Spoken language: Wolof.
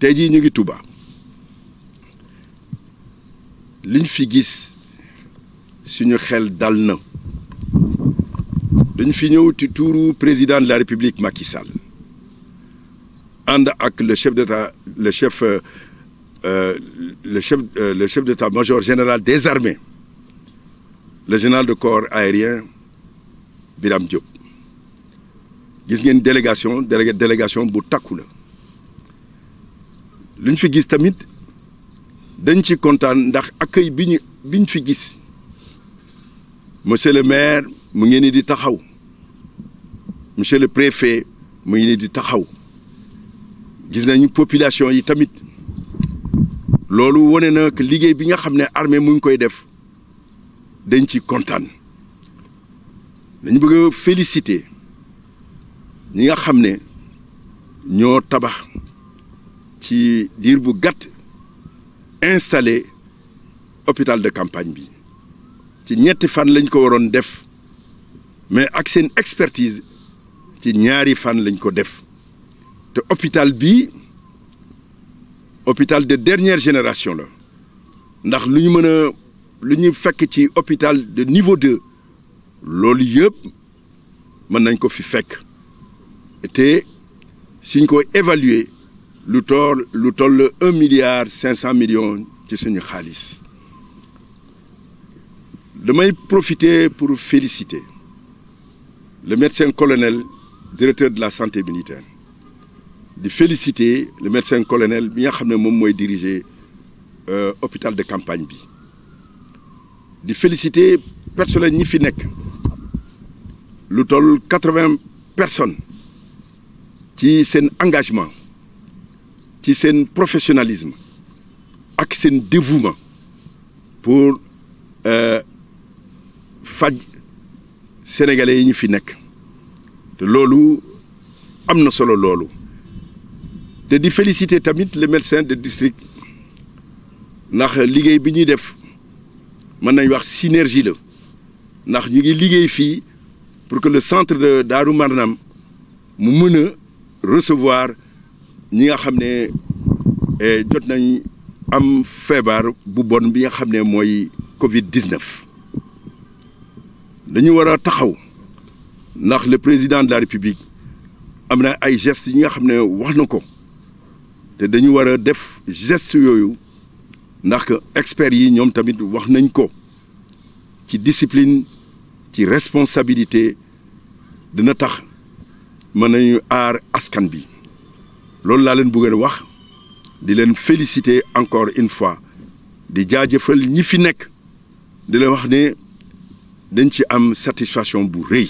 tey jii ñu ngi Touba liñ fi gis suñu xel dal na dañ fi ñëw ci tuuru président de la république Macky Sall ànd ak le chef d'état le chef euh, le chef euh, le chef d'état-major général des armées le général de corps aérien biram Diop gis ngeen délégation délégation bu takku la. lu ñu fi gis tamit dañ ci kontaan ndax accueil bi ñu fi gis monsieur le maire mu ngi ni di taxaw monsieur le préfet mu ngi ni di taxaw gis nañu population yi tamit loolu wane na que liggéey bi nga xam ne armée mu ngi koy def dañ ci kontaan dañ bëgg a féliciter ñi nga xam ne ñoo tabax. ci diir bu gàtt installé hôpital de campagne bi ci ñetti fan lañ ko waroon def mais ak seen expertise ci ñaari fan lañ ko def te hôpital bi hôpital de dernière génération la ndax lu ñu mën a lu ñu fekk ci hôpital de niveau de loolu yëpp mën nañ ko fi fekk te suñ ko évaluer lu tool lu toll un milliard cinq cent millions ci suñu xaalis damay profiter pour féliciter le médecin colonel directeur de la santé militaire di féliciter le médecin colonel bi nga xam ne moom mooy diriger euh, hôpital de campagne bi di féliciter personnel ñi fi nekk lu toll quatre-vingts personnes ci seen engagement ci seen professionalisme ak seen dévouement pour euh, faj sénégalais yi ñu fi nekk te loolu am na solo loolu te di féliciter tamit le médecins de district ndax liggéey bi ñuy def mën nañ wax synergie la ndax ñu ngi liggéey fii pour que le centre de Darou Marnam mu mën a recevoir ñi nga xam ne eh, jot nañ am feebar bu bon bi nga xam ne mooy Covid 19 dañu war a taxaw ndax le président de la république am na ay gestes yi nga xam ne wax na ko te dañu war a def geste yooyu ndax experts yi ñoom tamit wax nañ ko ci discipline ci responsabilité dina tax mën nañu aar askan bi. loolu laa leen bëggoon wax di leen féliciter encore une fois di jaajëfal ñi fi nekk di leen wax ni dañ ci am satisfaction bu rëy